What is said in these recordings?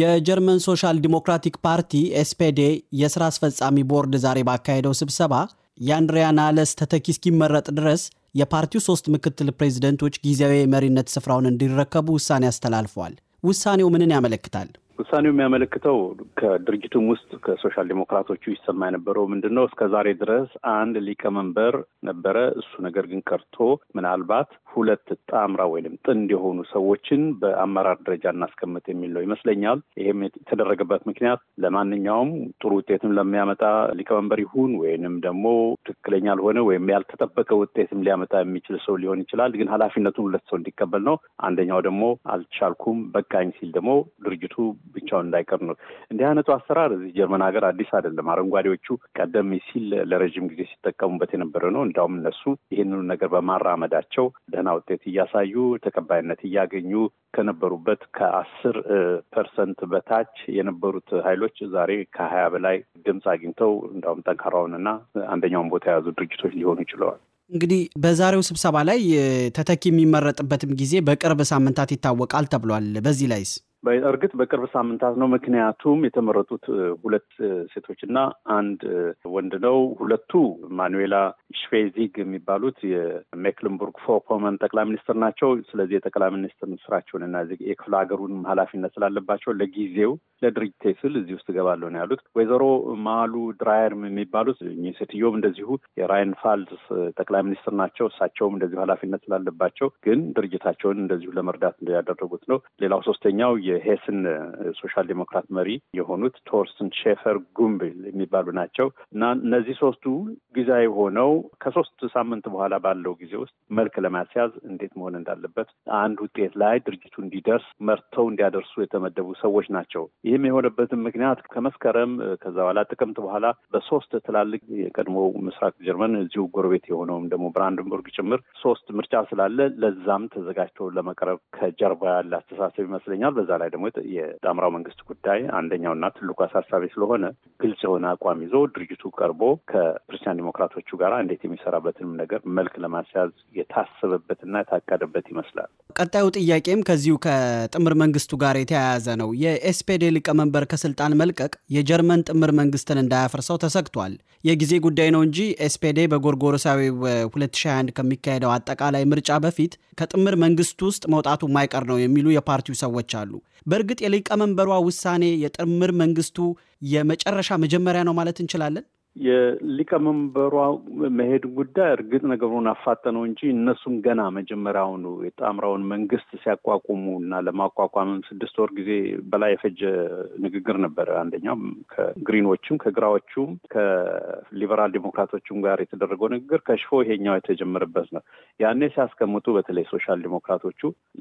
የጀርመን ሶሻል ዲሞክራቲክ ፓርቲ ኤስፔዴ የሥራ አስፈጻሚ ቦርድ ዛሬ ባካሄደው ስብሰባ የአንድሪያ ናለስ ተተኪ እስኪመረጥ ድረስ የፓርቲው ሶስት ምክትል ፕሬዚደንቶች ጊዜያዊ የመሪነት ስፍራውን እንዲረከቡ ውሳኔ አስተላልፏል። ውሳኔው ምንን ያመለክታል? ውሳኔው የሚያመለክተው ከድርጅቱም ውስጥ ከሶሻል ዴሞክራቶቹ ይሰማ የነበረው ምንድን ነው? እስከ ዛሬ ድረስ አንድ ሊቀመንበር ነበረ። እሱ ነገር ግን ቀርቶ ምናልባት ሁለት ጣምራ ወይም ጥንድ የሆኑ ሰዎችን በአመራር ደረጃ እናስቀምጥ የሚል ነው ይመስለኛል። ይህም የተደረገበት ምክንያት ለማንኛውም ጥሩ ውጤትም ለሚያመጣ ሊቀመንበር ይሁን ወይንም ደግሞ ትክክለኛ ያልሆነ ወይም ያልተጠበቀ ውጤትም ሊያመጣ የሚችል ሰው ሊሆን ይችላል። ግን ኃላፊነቱን ሁለት ሰው እንዲቀበል ነው። አንደኛው ደግሞ አልቻልኩም በቃኝ ሲል ደግሞ ድርጅቱ ብቻውን እንዳይቀር ነው። እንዲህ አይነቱ አሰራር እዚህ ጀርመን ሀገር አዲስ አይደለም። አረንጓዴዎቹ ቀደም ሲል ለረዥም ጊዜ ሲጠቀሙበት የነበረ ነው። እንዲያውም እነሱ ይህንኑ ነገር በማራመዳቸው የጥገና ውጤት እያሳዩ ተቀባይነት እያገኙ ከነበሩበት ከአስር ፐርሰንት በታች የነበሩት ኃይሎች ዛሬ ከሀያ በላይ ድምፅ አግኝተው እንዲሁም ጠንካራውንና አንደኛውን ቦታ የያዙ ድርጅቶች ሊሆኑ ይችለዋል። እንግዲህ በዛሬው ስብሰባ ላይ ተተኪ የሚመረጥበትም ጊዜ በቅርብ ሳምንታት ይታወቃል ተብሏል። በዚህ ላይስ በእርግጥ በቅርብ ሳምንታት ነው። ምክንያቱም የተመረጡት ሁለት ሴቶችና አንድ ወንድ ነው። ሁለቱ ማኑዌላ ሽፌዚግ የሚባሉት የሜክልንቡርግ ፎኮመን ጠቅላይ ሚኒስትር ናቸው። ስለዚህ የጠቅላይ ሚኒስትር ስራቸውንና የክፍለ ሀገሩን ኃላፊነት ስላለባቸው ለጊዜው ለድርጅቴ ስል እዚህ ውስጥ እገባለሁ ነው ያሉት። ወይዘሮ ማሉ ድራየርም የሚባሉት እኚህ ሴትዮም እንደዚሁ የራይን ፋልስ ጠቅላይ ሚኒስትር ናቸው። እሳቸውም እንደዚሁ ኃላፊነት ስላለባቸው ግን ድርጅታቸውን እንደዚሁ ለመርዳት ያደረጉት ነው። ሌላው ሶስተኛው የሄስን ሶሻል ዴሞክራት መሪ የሆኑት ቶርስን ሼፈር ጉምብል የሚባሉ ናቸው እና እነዚህ ሶስቱ ጊዜያዊ ሆነው ከሶስት ሳምንት በኋላ ባለው ጊዜ ውስጥ መልክ ለማስያዝ እንዴት መሆን እንዳለበት አንድ ውጤት ላይ ድርጅቱ እንዲደርስ መርተው እንዲያደርሱ የተመደቡ ሰዎች ናቸው። ይህም የሆነበትም ምክንያት ከመስከረም ከዛ በኋላ ጥቅምት በኋላ በሶስት ትላልቅ የቀድሞ ምስራቅ ጀርመን እዚሁ ጎረቤት የሆነውም ደግሞ ብራንድንቡርግ ጭምር ሶስት ምርጫ ስላለ ለዛም ተዘጋጅቶ ለመቅረብ ከጀርባ ያለ አስተሳሰብ ይመስለኛል። በዛ ላይ ደግሞ የጣምራው መንግስት ጉዳይ አንደኛውና ትልቁ አሳሳቢ ስለሆነ ግልጽ የሆነ አቋም ይዞ ድርጅቱ ቀርቦ ከክርስቲያን ዲሞክራቶቹ ጋር እንዴት የሚሰራበትንም ነገር መልክ ለማስያዝ የታሰበበትና የታቀደበት ይመስላል። ቀጣዩ ጥያቄም ከዚሁ ከጥምር መንግስቱ ጋር የተያያዘ ነው። የኤስፔዴ ሊቀመንበር ከስልጣን መልቀቅ የጀርመን ጥምር መንግስትን እንዳያፈርሰው ተሰግቷል። የጊዜ ጉዳይ ነው እንጂ ኤስፔዴ በጎርጎሮሳዊ 2021 ከሚካሄደው አጠቃላይ ምርጫ በፊት ከጥምር መንግስቱ ውስጥ መውጣቱ ማይቀር ነው የሚሉ የፓርቲው ሰዎች አሉ። በእርግጥ የሊቀመንበሯ ውሳኔ የጥምር መንግስቱ የመጨረሻ መጀመሪያ ነው ማለት እንችላለን? የሊቀመንበሯ መሄድ ጉዳይ እርግጥ ነገሩን አፋጠነው እንጂ እነሱም ገና መጀመሪያውኑ የጣምራውን መንግስት ሲያቋቁሙ እና ለማቋቋምም ስድስት ወር ጊዜ በላይ የፈጀ ንግግር ነበረ። አንደኛው ከግሪኖቹም ከግራዎቹም ከሊበራል ዲሞክራቶቹም ጋር የተደረገው ንግግር ከሽፎ ይሄኛው የተጀመረበት ነው። ያኔ ሲያስቀምጡ በተለይ ሶሻል ዲሞክራቶቹ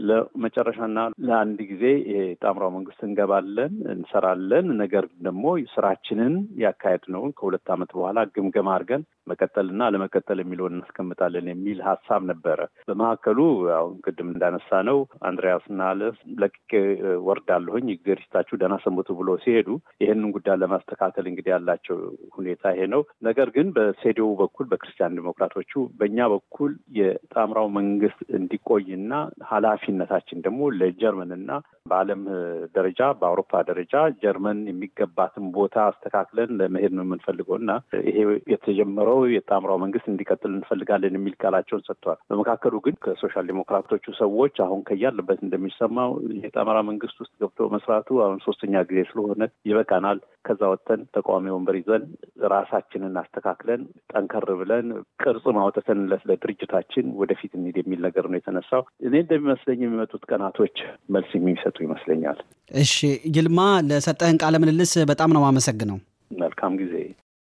ለመጨረሻና ለአንድ ጊዜ የጣምራው መንግስት እንገባለን፣ እንሰራለን ነገር ደግሞ ስራችንን ያካሄድ ነው ከሁለት ዓመት በኋላ ግምገማ አድርገን መቀጠልና ለመቀጠል የሚለውን እናስቀምጣለን የሚል ሀሳብ ነበረ። በመካከሉ አሁን ቅድም እንዳነሳ ነው አንድሪያስ አለ ለቅቄ ወርዳለሁኝ እግዜር ደህና ሰንብቱ ብሎ ሲሄዱ ይህንን ጉዳይ ለማስተካከል እንግዲህ ያላቸው ሁኔታ ይሄ ነው። ነገር ግን በሴዲው በኩል በክርስቲያን ዲሞክራቶቹ፣ በእኛ በኩል የጣምራው መንግስት እንዲቆይና ኃላፊነታችን ደግሞ ለጀርመንና በዓለም ደረጃ በአውሮፓ ደረጃ ጀርመን የሚገባትን ቦታ አስተካክለን ለመሄድ ነው የምንፈልገው ። እና ይሄ የተጀመረው የጣምራው መንግስት እንዲቀጥል እንፈልጋለን የሚል ቃላቸውን ሰጥተዋል። በመካከሉ ግን ከሶሻል ዴሞክራቶቹ ሰዎች አሁን ከያለበት እንደሚሰማው የጣምራ መንግስት ውስጥ ገብቶ መስራቱ አሁን ሶስተኛ ጊዜ ስለሆነ ይበቃናል፣ ከዛ ወጥተን ተቃዋሚ ወንበር ይዘን ራሳችንን አስተካክለን ጠንከር ብለን ቅርጽ ማውጠተን ለድርጅታችን ወደፊት እንሂድ የሚል ነገር ነው የተነሳው። እኔ እንደሚመስለኝ የሚመጡት ቀናቶች መልስ የሚሰጡ ይመስለኛል። እሺ፣ ይልማ ለሰጠህን ቃለ ምልልስ በጣም ነው የማመሰግነው። መልካም ጊዜ